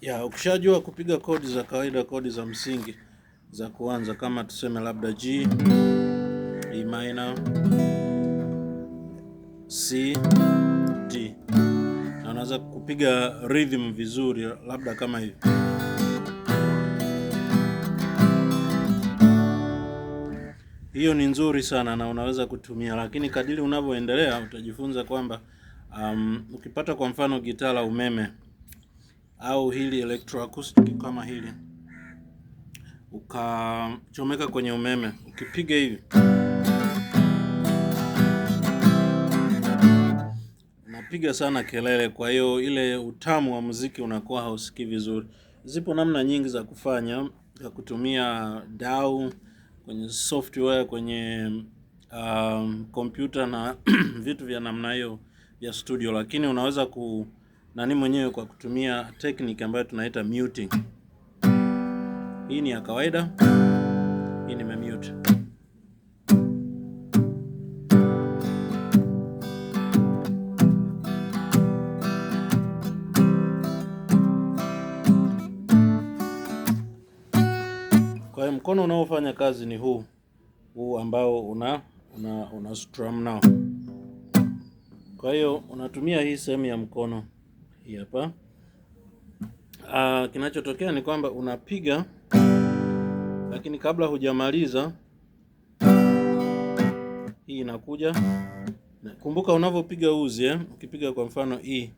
ya ukishajua kupiga kodi za kawaida, kodi za msingi za kuanza, kama tuseme labda G, E minor, C, D, na unaweza kupiga rhythm vizuri, labda kama hivi hiyo ni nzuri sana na unaweza kutumia, lakini kadiri unavyoendelea utajifunza kwamba um, ukipata kwa mfano gitaa la umeme au hili electroacoustic kama hili ukachomeka kwenye umeme, ukipiga hivi unapiga sana kelele, kwa hiyo ile utamu wa muziki unakuwa hausikii vizuri. Zipo namna nyingi za kufanya, za kutumia dau kwenye software kwenye kompyuta um, na vitu vya namna hiyo vya studio, lakini unaweza ku nani mwenyewe kwa kutumia technique ambayo tunaita muting. Hii ni ya kawaida, hii nimemute. Kwa hiyo mkono unaofanya kazi ni huu huu ambao una una, una strum nao. Kwa hiyo unatumia hii sehemu ya mkono hii hapa. Uh, kinachotokea ni kwamba unapiga, lakini kabla hujamaliza hii inakuja. Kumbuka unavyopiga uzi eh? Ukipiga kwa mfano hii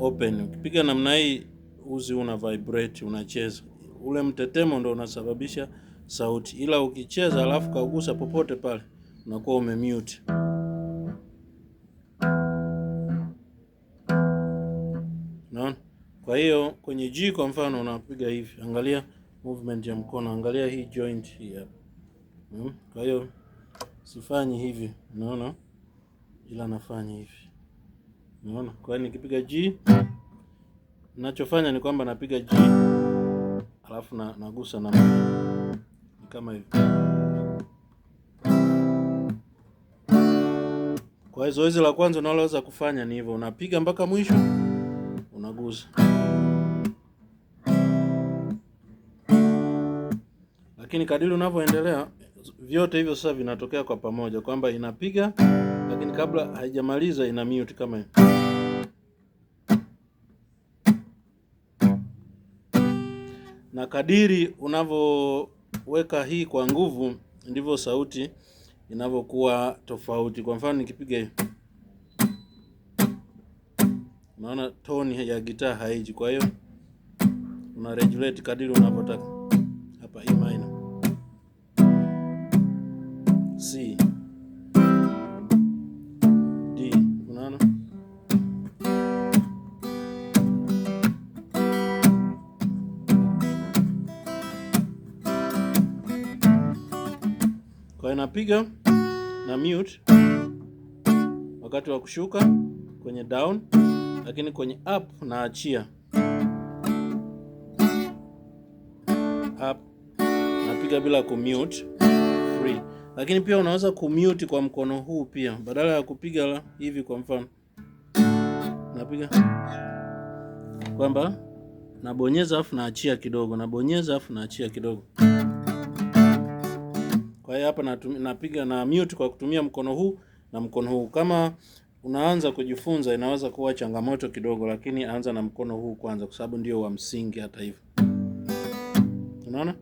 open, ukipiga namna hii uzi una vibrate, unacheza ule mtetemo ndo unasababisha sauti, ila ukicheza alafu kaugusa popote pale unakuwa umemute. Kwa hiyo kwenye G kwa mfano unapiga hivi, angalia movement ya mkono, angalia hii joint hii hapa. Hmm? Kwa hiyo sifanyi hivi, unaona, ila nafanya hivi, unaona. Kwa hiyo nikipiga G, ninachofanya ni kwamba napiga G alafu na, nagusa na kama hivi. Kwa hiyo zoezi la kwanza unaloweza kufanya ni hivyo, unapiga mpaka mwisho unaguza, lakini kadiri unavyoendelea vyote hivyo sasa vinatokea kwa pamoja, kwamba inapiga lakini kabla haijamaliza ina mute kama hiyo. Na kadiri unavyoweka hii kwa nguvu, ndivyo sauti inavyokuwa tofauti. Kwa mfano nikipiga hiyo maana tone ya gitaa haiji, kwa hiyo una regulate kadiri unapotaka. Hapa E minor C D, unaona kwa inapiga na mute wakati wa kushuka kwenye down lakini kwenye up naachia up, napiga bila kumute free. Lakini pia unaweza kumute kwa mkono huu pia, badala ya kupiga la hivi, kwa mfano napiga kwamba nabonyeza afu naachia kidogo, nabonyeza afu naachia kidogo. Kwa hiyo hapa napiga na mute kwa kutumia mkono huu na mkono huu kama unaanza kujifunza, inaweza kuwa changamoto kidogo, lakini anza na mkono huu kwanza, kwa sababu ndio wa msingi. Hata hivyo, unaona.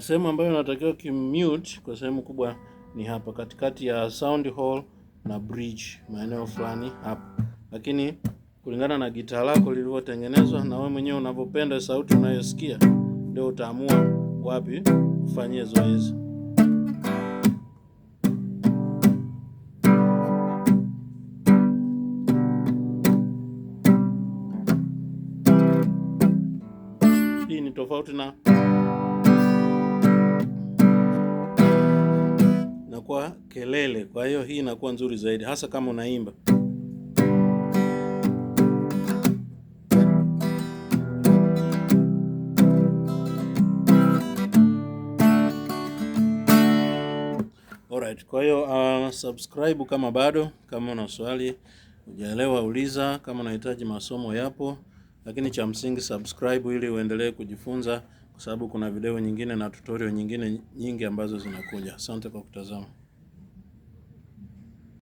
na sehemu ambayo natakiwa kimute kwa sehemu kubwa ni hapa katikati ya sound hall na bridge, maeneo fulani hapa, lakini kulingana na gitaa lako lilivyotengenezwa na wewe mwenyewe unavyopenda sauti unayosikia ndio utaamua wapi ufanyie zoezi. Hii ni tofauti na kwa kelele. Kwa hiyo hii inakuwa nzuri zaidi, hasa kama unaimba. Alright, kwa hiyo uh, subscribe kama bado. Kama una swali ujaelewa, uliza. Kama unahitaji masomo, yapo, lakini cha msingi subscribe, ili uendelee kujifunza, kwa sababu kuna video nyingine na tutorial nyingine nyingi ambazo zinakuja. Asante kwa kutazama.